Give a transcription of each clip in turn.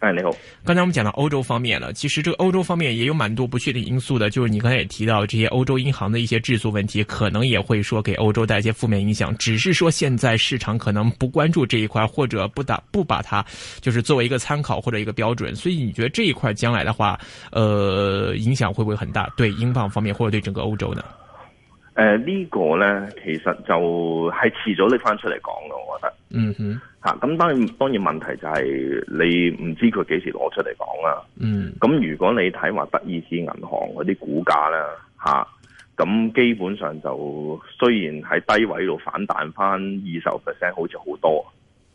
你好！剛才我們講到歐洲方面了，其實這個歐洲方面也有蠻多不確定因素的，就是你剛才也提到這些歐洲銀行的一些質素問題，可能也會說給歐洲帶一些負面影響。只是說現在市場可能不關注這一塊，或者不打，不，打不把它，就是作為一個參考或者一個標準。所以你覺得這一塊將來的話，呃，影響會不會很大？對英鎊方面或者對整個歐洲呢？呃呢、這個呢，其實就係遲早拎翻出嚟講嘅，我覺得。嗯哼。吓，咁當然當然，問題就係、是、你唔知佢幾時攞出嚟講啦。嗯，咁如果你睇話德意志銀行嗰啲股價咧，吓，咁基本上就雖然喺低位度反彈翻二十 percent，好似好多，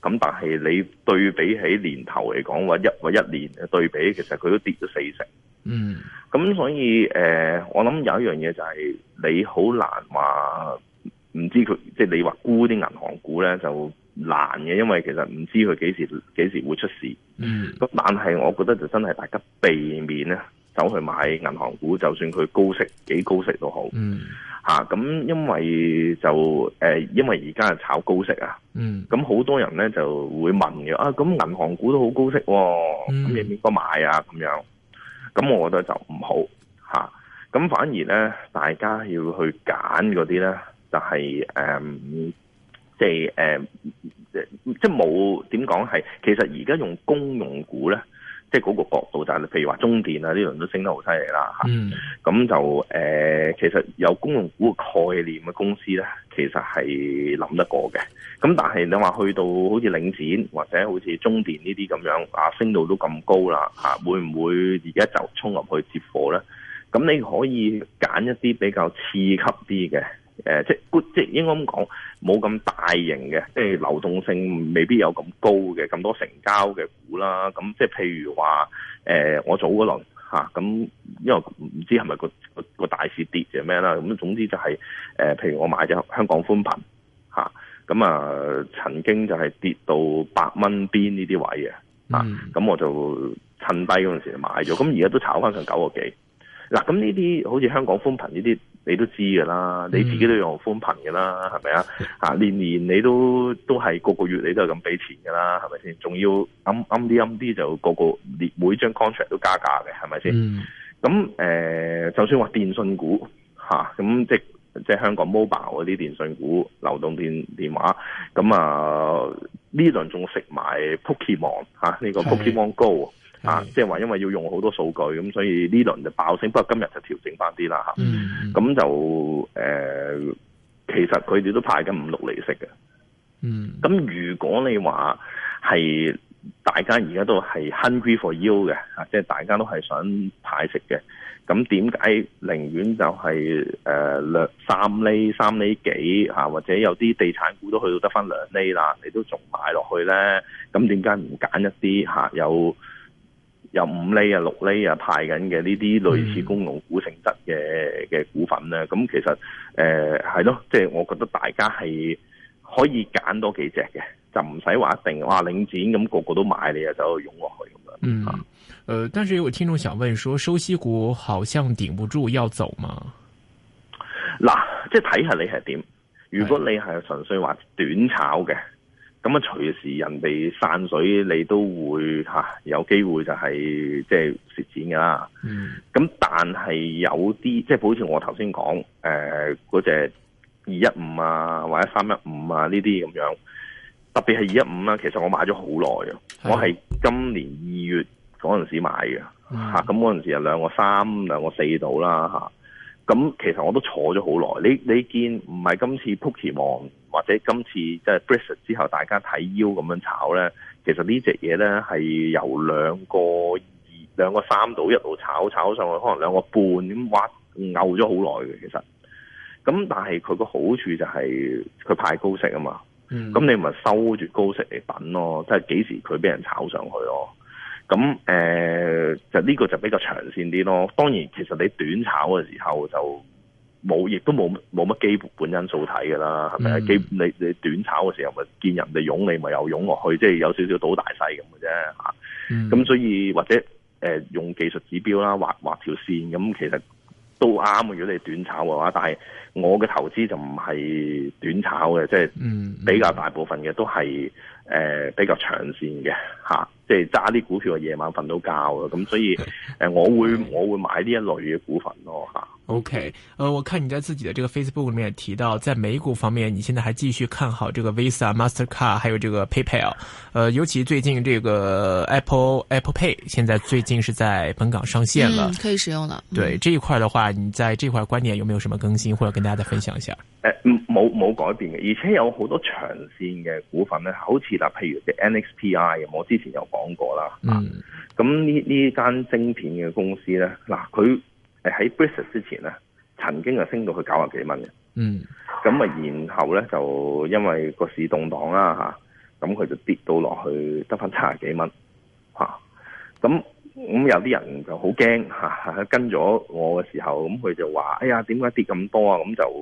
咁但係你對比起年頭嚟講，或一或一年嘅對比，其實佢都跌咗四成。嗯，咁所以誒，我諗有一樣嘢就係、是、你好難話唔知佢，即係你話沽啲銀行股咧就。難嘅，因為其實唔知佢幾時幾時會出事。嗯，咁但係我覺得就真係大家避免咧，走去買銀行股，就算佢高息幾高息都好。嗯，吓、啊、咁、呃，因為就誒，因為而家係炒高息啊。嗯，咁好多人咧就會問嘅啊，咁銀行股都好高息，哦，咁你應該買啊？咁樣，咁我覺得就唔好吓，咁、啊、反而咧，大家要去揀嗰啲咧，就係、是、誒。嗯即係、呃、即冇點講係，其實而家用公用股咧，即係嗰個角度就係、是，譬如話中電啊呢輪都升得好犀利啦嚇，咁就誒、呃，其實有公用股嘅概念嘅公司咧，其實係諗得過嘅。咁但係你話去到好似領展或者好似中電呢啲咁樣啊，升到都咁高啦嚇、啊，會唔會而家就衝入去接貨咧？咁你可以揀一啲比較次級啲嘅。誒、呃，即係即係應該咁講，冇咁大型嘅，即係流動性未必有咁高嘅，咁多成交嘅股啦。咁即係譬如話，誒、呃，我早嗰輪吓，咁、啊、因為唔知係咪個個大市跌嘅咩啦。咁總之就係、是、誒、呃，譬如我買咗香港寬頻吓，咁啊，啊，曾經就係跌到百蚊邊呢啲位嘅，啊，咁、嗯、我就趁低嗰陣時就買咗，咁而家都炒翻上九個幾。嗱、啊，咁呢啲好似香港寬頻呢啲。你都知㗎啦，你自己都用寬頻㗎啦，係咪啊？嚇，年年你都都係個個月你都係咁俾錢㗎啦，係咪先？仲要啱啱啲啱啲就個個每張 contract 都加價嘅，係咪先？咁、嗯、誒、呃，就算話電信股咁、啊、即即香港 mobile 嗰啲電信股，流動電電話，咁啊呢輪仲食埋 Pokemon 吓、啊、呢、呢個 Pokemon Go。啊，即係話因為要用好多數據，咁所以呢輪就爆升，不過今日就調整翻啲啦吓。咁、嗯、就誒、呃，其實佢哋都派緊五六厘息嘅。嗯。咁如果你話係大家而家都係 hungry for yield 嘅，即係大家都係想派息嘅，咁點解寧願就係誒兩三厘、三厘幾，或者有啲地產股都去到得翻兩厘啦，你都仲買落去咧？咁點解唔揀一啲吓、啊、有？有五厘啊、六厘啊派緊嘅呢啲類似公共股性質嘅嘅股份咧，咁、嗯、其實誒係咯，即、呃、係我覺得大家係可以揀多幾隻嘅，就唔使話一定哇領展咁個個都買你啊，就去湧落去咁樣。嗯，誒、呃，但係有位聽眾想問說，說收息股好像頂不住要走嗎？嗱，即係睇下你係點。如果你係純粹話短炒嘅。咁啊，隨時人哋散水，你都會、啊、有機會就係即係蝕錢噶啦。嗯、mm.，咁但係有啲即係好似我頭先講誒嗰隻二一五啊，或者三一五啊呢啲咁樣，特別係二一五啦，其實我買咗好耐啊，我係今年二月嗰陣時買嘅嚇，咁嗰陣時有兩個三兩個四度啦嚇咁其實我都坐咗好耐。你你見唔係今次 Pokemon 或者今次即係 Brexit 之後大家睇腰咁樣炒咧，其實呢隻嘢咧係由兩個二兩個三度一路炒炒上去，可能兩個半咁挖拗咗好耐嘅。其實，咁但係佢個好處就係佢派高息啊嘛。咁、嗯、你咪收住高息嚟等咯，即係幾時佢俾人炒上去咯。咁誒、呃，就呢個就比較長線啲咯。當然，其實你短炒嘅時候就冇，亦都冇冇乜基本，本因素睇噶啦，係咪？基、嗯、你你短炒嘅時候咪見人哋湧你咪又湧落去，即、就、係、是、有少少賭大細咁嘅啫吓。咁、嗯、所以或者誒、呃、用技術指標啦，畫畫條線咁，其實都啱。如果你短炒嘅話，但係我嘅投資就唔係短炒嘅，即、就、係、是、比較大部分嘅都係。誒、呃，比較長線嘅嚇，即係揸啲股票，夜晚瞓到覺咯，咁所以，呃、我會我會買呢一類嘅股份咯嚇、啊。OK，呃我看你在自己的這個 Facebook 裏面提到，在美股方面，你現在還繼續看好這個 Visa、Mastercard，還有這個 PayPal，呃尤其最近這個 Apple Apple Pay，現在最近是在本港上線了、嗯，可以使用了、嗯。對，這一塊的話，你在這塊觀點有沒有什麼更新，或者跟大家再分享一下？呃、嗯。冇冇改變嘅，而且有好多長線嘅股份咧，好似嗱，譬如、The、NXPI，我之前有講過啦。嗯。咁呢呢間晶片嘅公司呢，嗱佢喺 Brexit 之前咧，曾經啊升到去九十幾蚊嘅。嗯。咁啊，然後呢，就因為個市動盪啦嚇，咁、啊、佢就跌到落去得翻七十幾蚊嚇，咁、啊。啊嗯咁有啲人就好驚吓，跟咗我嘅時候，咁、嗯、佢就話：哎呀，點解跌咁多啊？咁就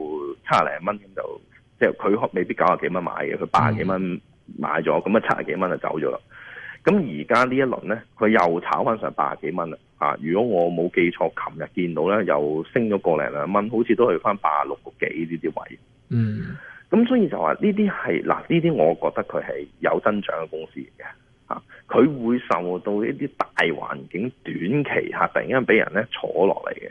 七廿零蚊，就即係佢未必九廿幾蚊買嘅，佢八廿幾蚊買咗，咁啊七廿幾蚊就走咗啦。咁而家呢一輪咧，佢又炒翻上八廿幾蚊啦。如果我冇記錯，琴日見到咧又升咗個零兩蚊，好似都係翻八十六個幾呢啲位。嗯，咁所以就話呢啲係嗱，呢啲我覺得佢係有增長嘅公司嚟嘅。佢會受到一啲大環境短期吓突然間俾人咧坐落嚟嘅。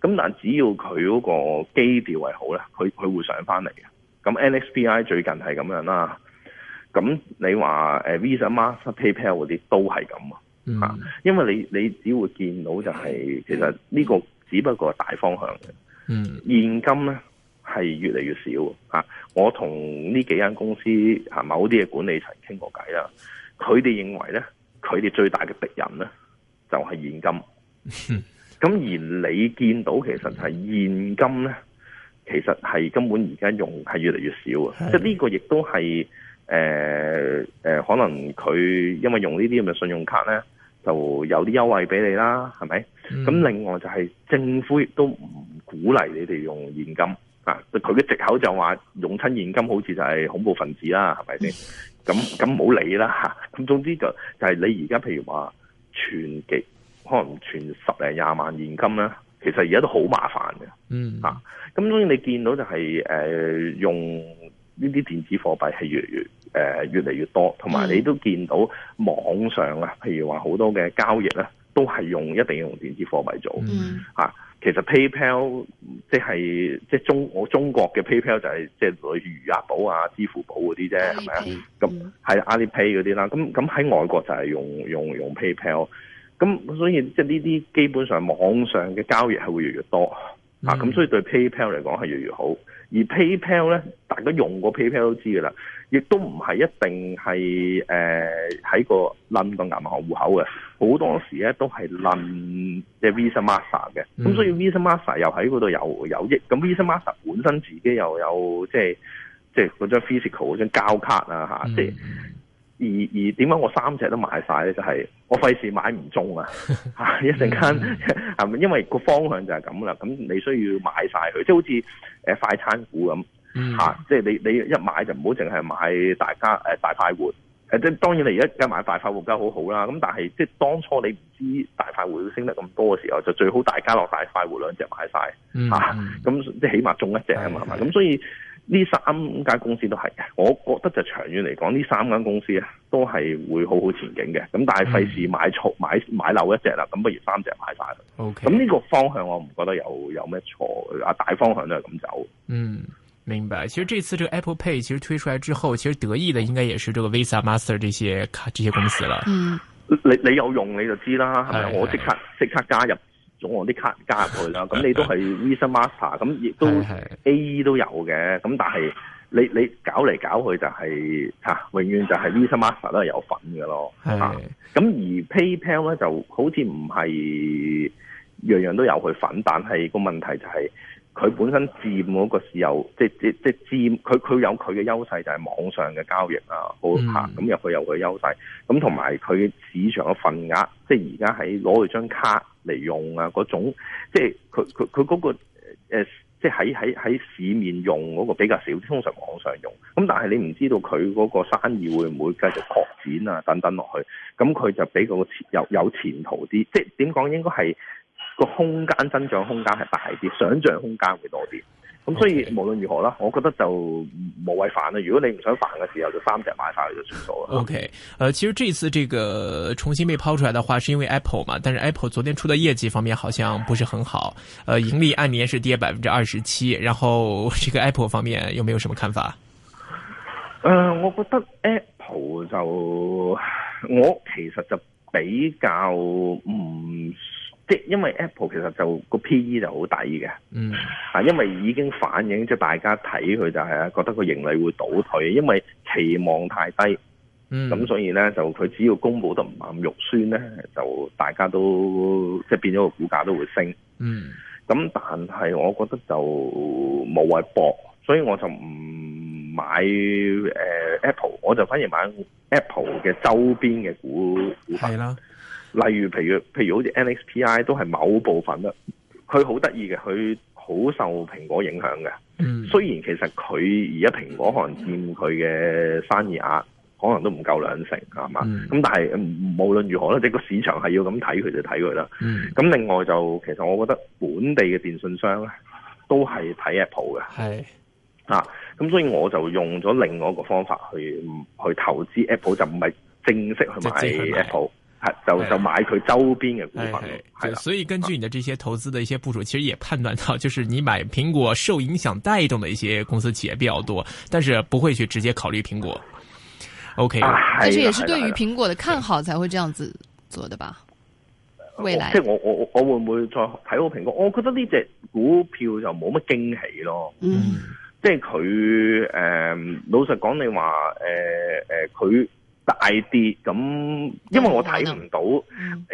咁但只要佢嗰個基調係好咧，佢佢會上翻嚟嘅。咁 NXPI 最近係咁樣啦，咁你話 Visa Mark, Paypal,、Master、PayPal 嗰啲都係咁啊，因為你你只會見到就係、是、其實呢個只不過係大方向嘅，現金咧係越嚟越少啊！我同呢幾間公司某啲嘅管理層傾過偈啦。佢哋認為咧，佢哋最大嘅敵人咧就係、是、現金。咁 而你見到其實係現金咧，其實係根本而家用係越嚟越少嘅。即係呢個亦都係誒誒，可能佢因為用呢啲咁嘅信用卡咧，就有啲優惠俾你啦，係咪？咁 另外就係政府亦都唔鼓勵你哋用現金。啊！佢嘅藉口就話用親現金好似就係恐怖分子啦，係咪先？咁咁冇理啦嚇！咁總之就就係你而家譬如話存極可能存十零廿萬現金咧，其實而家都好麻煩嘅。嗯啊！咁當然你見到就係、是、誒、呃、用呢啲電子貨幣係越嚟越、呃、越嚟越多，同埋你都見到網上啊，譬如話好多嘅交易咧，都係用一定要用電子貨幣做。嗯、啊其實 PayPal 即係即中我中國嘅 PayPal 就係即類餘額寶啊、支付寶嗰啲啫，係咪啊？咁係 Alipay 嗰啲啦。咁咁喺外國就係用用用 PayPal。咁所以即呢啲基本上網上嘅交易係會越嚟越多、嗯、啊。咁所以對 PayPal 嚟講係越嚟越好。而 PayPal 咧，大家用過 PayPal 都知噶啦，亦都唔係一定係誒喺個冧個,個銀行戶口嘅，好多時咧都係冧即係 Visa Master 嘅，咁、嗯、所以 Visa Master 又喺嗰度有有益，咁 Visa Master 本身自己又有即係即係嗰張 physical 嗰張膠卡啊嚇，即係、嗯而而點解我三隻都買晒咧？就係、是、我費事買唔中啊！ 啊一陣間係咪？ 因為個方向就係咁啦。咁你需要買晒佢，即係好似快餐股咁嚇、嗯啊。即係你你一買就唔好淨係買大家、呃、大快活即係當然你而家一買大快活梗係好好啦。咁但係即係當初你唔知大快活升得咁多嘅時候，就最好大家樂大快活兩隻買晒，嚇、啊。咁、嗯嗯啊、即係起碼中一隻啊嘛。咁 所以。呢三間公司都係嘅，我覺得就長遠嚟講，呢三間公司啊，都係會好好前景嘅。咁但係費事買錯、嗯、買買，買漏一隻啦，咁不如三隻買晒。O K。咁呢個方向我唔覺得有有咩錯，啊大方向都係咁走。嗯，明白。其實這次這個 Apple Pay 其實推出來之後，其實得益的應該也是這個 Visa、Master 這些這些公司啦。嗯，你你有用你就知啦，係、哎、咪？我即刻即、哎、刻加入。總 我啲卡加入佢啦，咁你都係 Visa Master 咁，亦都 AE 都有嘅，咁 但係你你搞嚟搞去就係、是啊、永遠就係 Visa Master 都係有份嘅咯。係、啊，咁 而 PayPal 咧就好似唔係樣樣都有佢份，但係個問題就係、是。佢本身佔嗰個市有，即即即佔佢佢有佢嘅優、mm. 啊、優勢，就係網上嘅交易啊，好嚇咁入去佢有佢優勢，咁同埋佢市場嘅份額，即而家喺攞佢張卡嚟用啊，嗰種即佢佢佢嗰個、呃、即即喺喺喺市面用嗰個比較少，通常網上用。咁但係你唔知道佢嗰個生意會唔會繼續擴展啊，等等落去，咁佢就比較有有前途啲。即點講應該係。.個空間增長空間係大啲，想象空間會多啲，咁、okay. 嗯、所以無論如何啦，我覺得就無謂煩啦。如果你唔想煩嘅時候，就三隻買翻就算夠啦。OK，、呃、其實這次這個重新被拋出來的話，是因為 Apple 嘛？但是 Apple 昨天出嘅業績方面好像不是很好，呃盈利按年是跌百分之二十七。然後，這個 Apple 方面又有冇什麼看法？呃我覺得 Apple 就我其實就比較唔。即因為 Apple 其實就個 P/E 就好抵嘅，啊、嗯，因為已經反映即係、就是，大家睇佢就係啊，覺得個盈利會倒退，因為期望太低，咁、嗯、所以咧就佢只要公布都唔咁肉酸咧，就大家都即係變咗個股價都會升，咁、嗯、但係我覺得就冇謂搏，所以我就唔買誒、呃、Apple，我就反而買 Apple 嘅周邊嘅股股例如，譬如譬如，好似 NXPI 都係某部分啦，佢好得意嘅，佢好受蘋果影響嘅。嗯，雖然其實佢而家蘋果可能佔佢嘅生意額，可能都唔夠兩成，係嘛？咁、嗯、但係無論如何咧，即個市場係要咁睇佢就睇佢啦。咁、嗯、另外就其實我覺得本地嘅電信商咧，都係睇 Apple 嘅。係，啊，咁所以我就用咗另外一個方法去去投資 Apple，就唔係正式去買 Apple 是是。就就買佢周邊嘅股份，係啦。所以根據你的這些投資的一些部署，其實也判斷到，就是你買蘋果受影響帶動的一些公司企業比較多，但是不會去直接考慮蘋果。OK，但是、OK、是，是，是也是對於蘋果的看好才會這樣子做的吧？的未來即係我我我會唔會再睇好蘋果？我覺得呢隻股票就冇乜驚喜咯。嗯，即係佢誒，老實講，你話誒誒佢。呃大啲咁，因為我睇唔到、嗯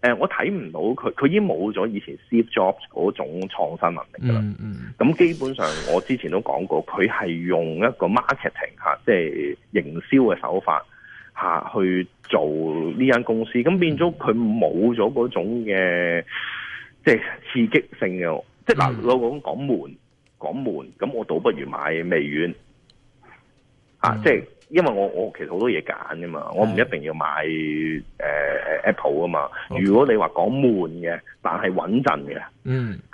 呃、我睇唔到佢佢已經冇咗以前 Steve Jobs 嗰種創新能力啦。咁、嗯嗯、基本上我之前都講過，佢係用一個 marketing 嚇、啊，即係營銷嘅手法、啊、去做呢間公司，咁變咗佢冇咗嗰種嘅、啊、即係刺激性嘅、嗯，即係嗱，老講，講門，講門，咁我倒不如買微軟、啊嗯、即係。因為我我其實好多嘢揀㗎嘛，我唔一定要買、呃 mm. Apple 啊嘛。Okay. 如果你話講悶嘅，但係穩陣嘅，咁、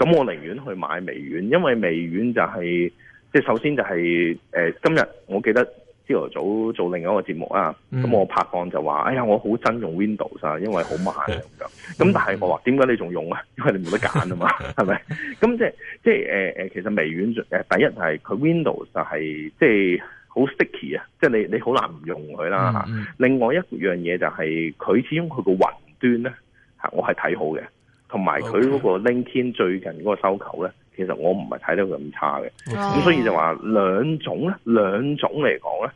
mm. 我寧願去買微軟，因為微軟就係、是、即係首先就係、是呃、今日我記得朝頭早做另一個節目啊，咁、mm. 我拍檔就話：哎呀，我好憎用 Windows 啊，因為好慢咁、啊。咁 但係我話點解你仲用啊？因為你冇得揀啊嘛，係 咪？咁即係即、呃、其實微軟、呃、第一係佢 Windows 就係、是、即係。好 sticky 啊，即係你你好難唔用佢啦吓，mm-hmm. 另外一樣嘢就係、是、佢始終佢個雲端咧吓，我係睇好嘅。同埋佢嗰個 LinkedIn 最近嗰個收購咧，其實我唔係睇得佢咁差嘅。咁、okay. 所以就話兩種咧，兩種嚟講咧。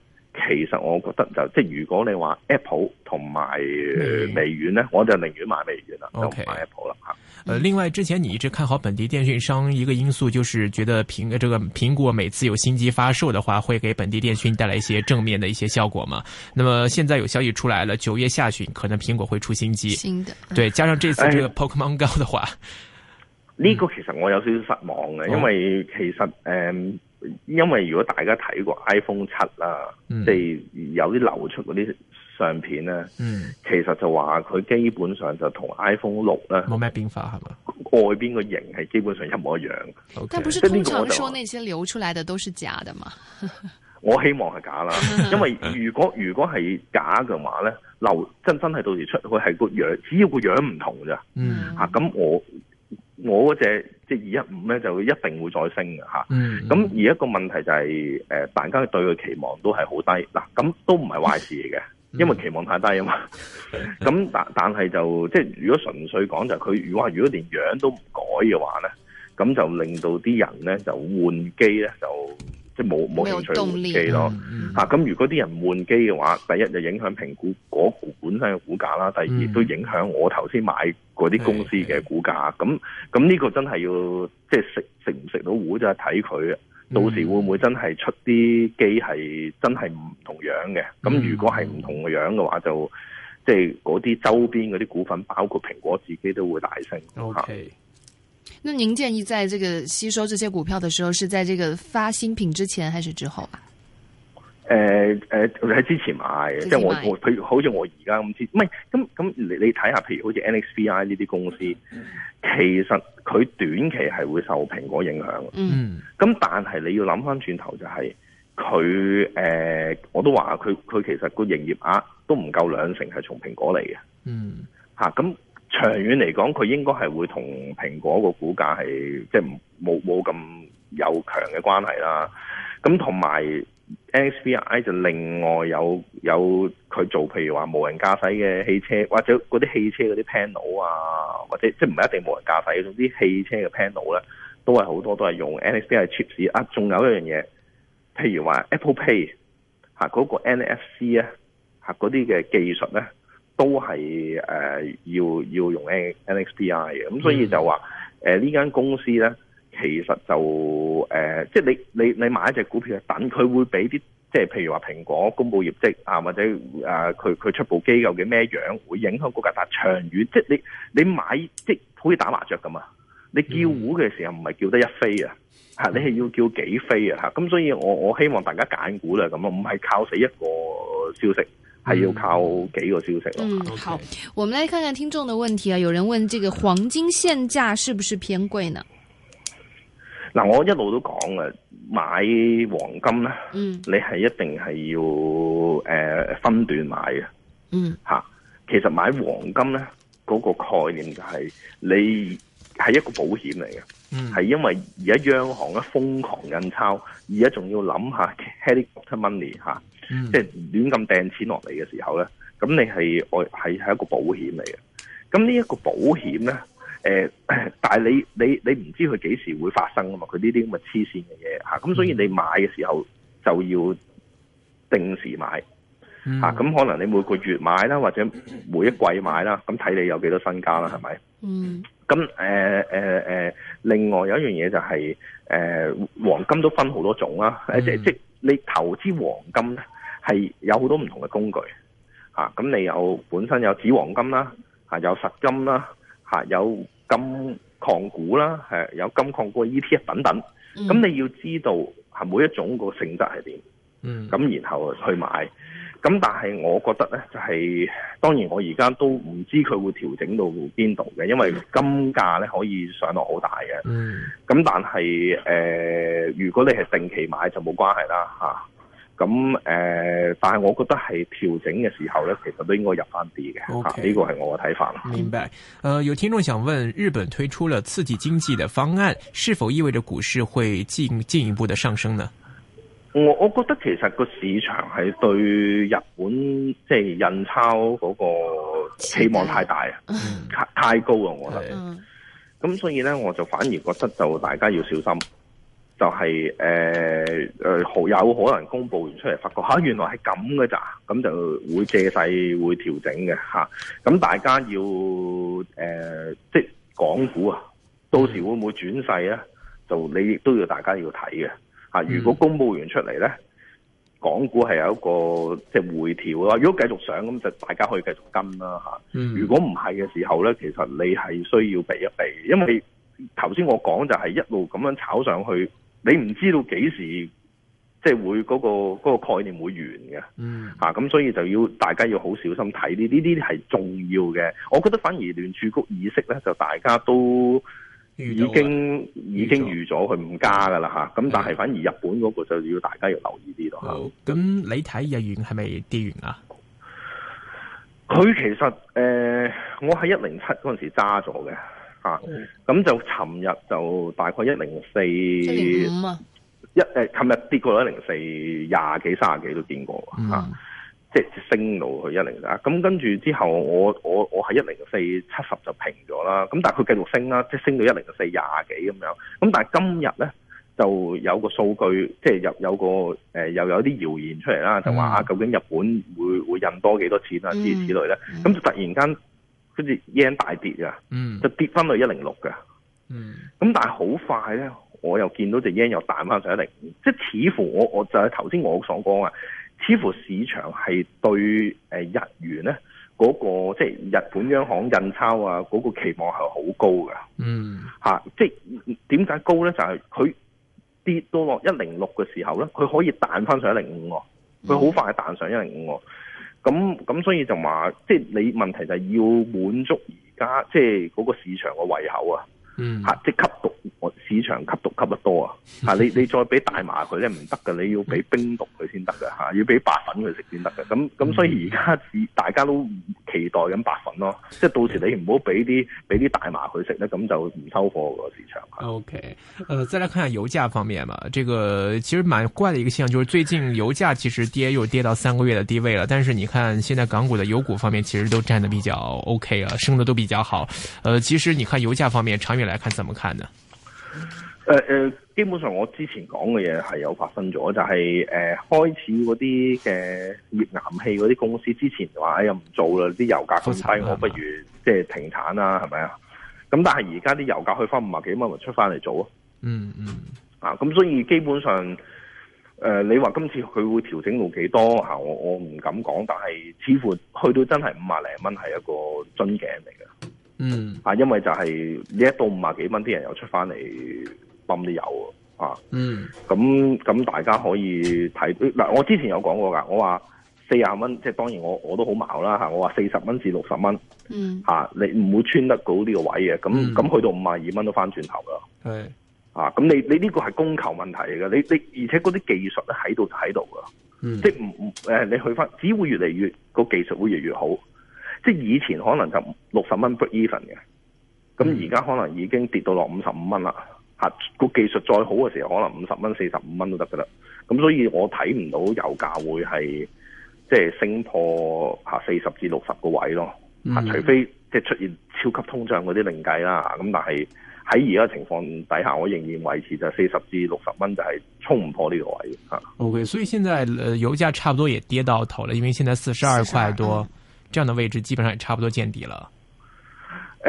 其實我覺得就即係如果你話 Apple 同埋微軟呢，我就寧願買微軟啦，okay. 就買 Apple 啦吓、嗯。另外之前你一直看好本地電訊商，一個因素就是覺得蘋這個蘋果每次有新機發售的話，會給本地電訊帶來一些正面的一些效果嘛？那麼現在有消息出來了，九月下旬可能蘋果會出新機，新的、啊、對，加上這次這個 Pokémon、哎、Go 的話，呢、這個其實我有少少失望嘅、嗯，因為其實誒。呃因為如果大家睇過 iPhone 七啦、啊，即、嗯、係有啲流出嗰啲相片咧、嗯，其實就話佢基本上就同 iPhone 六咧冇咩變化係嘛，外邊個型係基本上一模一樣，okay. 但不是通常說那些流出來的都是假的嘛？ 我希望係假啦，因為如果如果係假嘅話咧，流真真係到時出去係個樣，只要個樣唔同咋，嗯咁、啊、我。我嗰隻即係二一五咧，就一定會再升嘅吓咁、mm-hmm. 而一個問題就係、誒、大家對佢期望都係好低嗱。咁都唔係壞事嚟嘅，mm-hmm. 因為期望太低啊嘛。咁 但但係就即係如果純粹講就係佢，如果話如果連樣都唔改嘅話咧，咁就令到啲人咧就換機咧就。即係冇冇興趣換機咯嚇，咁、嗯啊、如果啲人換機嘅話，第一就影響蘋果嗰股本身嘅股價啦，第二亦都影響我頭先買嗰啲公司嘅股價。咁咁呢個真係要即係食食唔食到糊，就係睇佢到時會唔會真係出啲機係真係唔同樣嘅。咁如果係唔同樣嘅話就、嗯，就即係嗰啲周邊嗰啲股份，包括蘋果自己都會大升。O K。那您建議在這個吸收這些股票的時候，是在這個發新品之前還是之後啊？誒、呃、誒，喺、呃、之前買嘅，即係我我譬如好似我而家咁知，唔係咁咁你你睇下，譬如好似 NXPI 呢啲公司，嗯、其實佢短期係會受蘋果影響，嗯，咁但係你要諗翻轉頭就係佢誒，我都話佢佢其實個營業額都唔夠兩成係從蘋果嚟嘅，嗯，吓、啊、咁。長遠嚟講，佢應該係會同蘋果個股價係即係冇冇咁有強嘅關係啦。咁同埋 NXP 就另外有有佢做，譬如話無人駕駛嘅汽車，或者嗰啲汽車嗰啲 panel 啊，或者即係唔係一定無人駕駛嘅，總之汽車嘅 panel 咧，都係好多都係用 NXP 嘅 chipset。啊，仲有一樣嘢，譬如話 Apple Pay 嚇嗰個 NFC 啊嚇嗰啲嘅技術咧。都係誒、呃、要要用 N N X P I 嘅，咁所以就話誒呢間公司咧，其實就誒、呃、即係你你你買一隻股票，等佢會俾啲即係譬如話蘋果公布業績啊，或者誒佢佢出報機構嘅咩樣，會影響股價達長遠。即係你你買即係好似打麻雀咁啊，你叫股嘅時候唔係叫得一飛啊、嗯，你係要叫幾飛啊。咁所以我我希望大家揀股咧咁啊，唔係靠死一個消息。係要靠幾個消息咯、嗯。好，我們來看看聽眾的問題啊。有人問：這個黃金現價是不是偏貴呢？嗱、嗯，我一路都講嘅，買黃金呢嗯，你係一定係要誒分段買嘅，嗯，吓，其實買黃金呢嗰、那個概念就係、是、你係一個保險嚟嘅，嗯，係因為而家央行咧瘋狂印鈔，而家仲要諗下 heading money 吓。嗯、即係亂咁掟錢落嚟嘅時候咧，咁你係我係係一個保險嚟嘅，咁呢一個保險咧，誒、呃，但係你你你唔知佢幾時會發生啊嘛，佢呢啲咁嘅黐線嘅嘢吓，咁所以你買嘅時候就要定時買，吓、嗯、咁、啊、可能你每個月買啦，或者每一季買啦，咁睇你有幾多身家啦，係咪？嗯。咁誒誒誒，另外有一樣嘢就係、是、誒、呃、黃金都分好多種啦，即、嗯、即你投資黃金咧。係有好多唔同嘅工具。吓，咁你有本身有紙黃金啦。吓，有實金啦。吓，有金礦股啦，係有金礦股 ETF 等等，咁你要知道係每一種個性質係點，咁、嗯、然後去買，咁但係我覺得咧就係、是，當然我而家都唔知佢會調整到邊度嘅，因為金價咧可以上落好大嘅，咁但係誒、呃、如果你係定期買就冇關係啦，吓。咁、嗯、誒、呃，但係我覺得係調整嘅時候咧，其實都應該入翻啲嘅吓，呢個係我嘅睇法。明白。誒、呃，有聽眾想問，日本推出了刺激經濟的方案，是否意味着股市會進進一步的上升呢？我我覺得其實個市場係對日本即係印鈔嗰個期望太大啊， 太高啊，我覺得。咁、 嗯嗯、所以咧，我就反而覺得就大家要小心。就係誒好有可能公佈完出嚟，發覺、啊、原來係咁嘅咋，咁就會借勢會調整嘅嚇。咁、啊、大家要誒、呃，即係港股啊，到時會唔會轉勢呢？就你亦都要大家要睇嘅。啊、如果公佈完出嚟咧，港股係有一個即係、就是、回調咯。如果繼續上咁就大家可以繼續跟啦。啊啊嗯、如果唔係嘅時候咧，其實你係需要避一避，因為頭先我講就係一路咁樣炒上去。你唔知道幾時即係會嗰、嗰個嗰、嗰個概念會完嘅，嗯，咁、啊、所以就要大家要好小心睇呢啲呢啲係重要嘅。我覺得反而聯儲局議息咧就大家都已經已經預咗佢唔加㗎喇吓，咁、啊嗯、但係反而日本嗰個就要大家要留意啲咯。好、嗯，咁你睇日元係咪跌完啊？佢其實誒、呃，我喺一零七嗰陣時揸咗嘅。吓、嗯，咁就尋日就大概零、啊、一零四一誒，尋日跌過一零四廿幾、卅幾都見過吓、嗯啊，即係升到去一零三。咁跟住之後我，我我我喺一零四七十就平咗啦。咁但係佢繼續升啦，即係升到一零四廿幾咁樣。咁但係今日咧，就有個數據，即係有有個誒，又、呃、有啲謠言出嚟啦，就話啊，究竟日本會會印多幾多錢啊？諸如此類咧，咁、嗯、就突然間。跟住 yen 大跌啊，就跌翻去一零六嘅，咁、嗯、但係好快咧，我又見到隻 yen 又彈翻上一零五，即係似乎我我就係頭先我所講啊，似乎市場係對誒日元咧嗰個即係日本央行印鈔啊嗰個期望係好高嘅，嚇、嗯啊，即係點解高咧？就係、是、佢跌到落一零六嘅時候咧，佢可以彈翻上一零五，佢好快彈上一零五咁咁所以就話，即係你問題就係要滿足而家即係嗰個市場嘅胃口啊，吓、啊、即係吸毒市場吸毒吸得多啊，吓、啊、你你再俾大麻佢咧唔得噶，你要俾冰毒佢先得噶吓，要俾白粉佢食先得噶，咁咁所以而家大家都期待緊白粉咯，即係到時你唔好俾啲俾啲大麻佢食咧，咁就唔收貨個市場。O K，誒，再嚟睇下油價方面係嘛？這個其實蠻怪的一個現象，就是最近油價其實跌又跌到三個月的低位了。但是你看，現在港股的油股方面其實都站得比較 OK 啊，升得都比較好。誒、呃，其實你看油價方面，長遠來看，怎麼看呢？誒、呃、誒。呃基本上我之前講嘅嘢係有發生咗，就係、是、誒、呃、開始嗰啲嘅頁岩氣嗰啲公司之前話：哎呀唔做啦，啲油價咁低，我不如即係、就是、停產啦，係咪啊？咁但係而家啲油價去翻五十幾蚊，咪出翻嚟做咯。嗯嗯，啊，咁所以基本上誒、呃，你話今次佢會調整到幾多吓、啊？我我唔敢講，但係似乎去到真係五十零蚊係一個樽頸嚟嘅。嗯，啊，因為就係呢一到五十幾蚊，啲人又出翻嚟。冧都有啊，嗯，咁咁大家可以睇嗱、啊。我之前有講過噶，我話四十蚊，即係當然我我都好矛啦吓。我話四十蚊至六十蚊，嗯，吓、啊、你唔會穿得到呢個位嘅。咁咁、嗯、去到五十二蚊都翻轉頭噶，係啊。咁你你呢個係供求問題嚟嘅。你你而且嗰啲技術咧喺度就喺度噶，即係唔誒你去翻，只會越嚟越個技術會越嚟越好。即係以前可能就六十蚊 break even 嘅，咁而家可能已經跌到落五十五蚊啦。吓，個技術再好嘅時候，可能五十蚊、四十五蚊都得噶啦。咁所以我睇唔到油價會係即係升破吓四十至六十個位咯。吓，嗯，除非即係出現超級通脹嗰啲另計啦。咁但係喺而家情況底下，我仍然維持就四十至六十蚊就係衝唔破呢個位。吓，啊，OK。所以現在誒，油價差不多也跌到頭啦，因為現在四十二塊多、嗯，這樣的位置基本上也差不多見底了。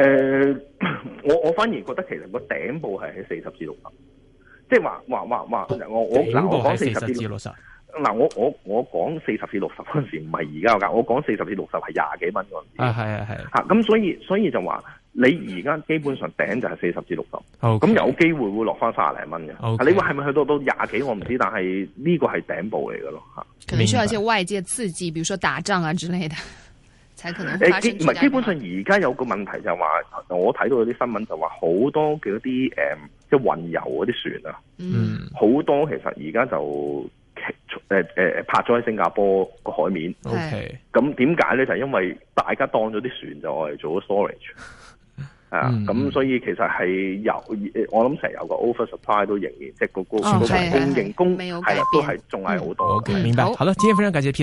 誒、呃，我我反而覺得其實個頂部係喺四十至六十，即係話話話話，我 40, 我嗱我講四十至六十。嗱我我我講四十至六十嗰時唔係而家噶，我講四十至六十係廿幾蚊嗰陣時。係啊係。吓咁、啊啊啊、所以所以就話你而家基本上頂就係四十至六十、嗯。咁有機會會落翻卅零蚊嘅。Okay, 你話係咪去到到廿幾我唔知，okay, 但係呢個係頂部嚟噶咯吓。可能需要一些外界刺激，比如說打仗啊之類的。誒，基唔係基本上而家有個問題就係話我睇到啲新聞就話好多嘅啲誒，即係運油啲船啊，嗯，好、嗯、多其實而家就誒誒拍咗喺新加坡個海面，OK，咁點解咧？就係、是、因為大家當咗啲船就我哋做咗 storage、嗯、啊，咁所以其實係有我諗成日有個 oversupply 都仍然即係嗰個嗰供應供係啊都係仲係好多，okay, 明白，好啦今天非常感謝、Peter。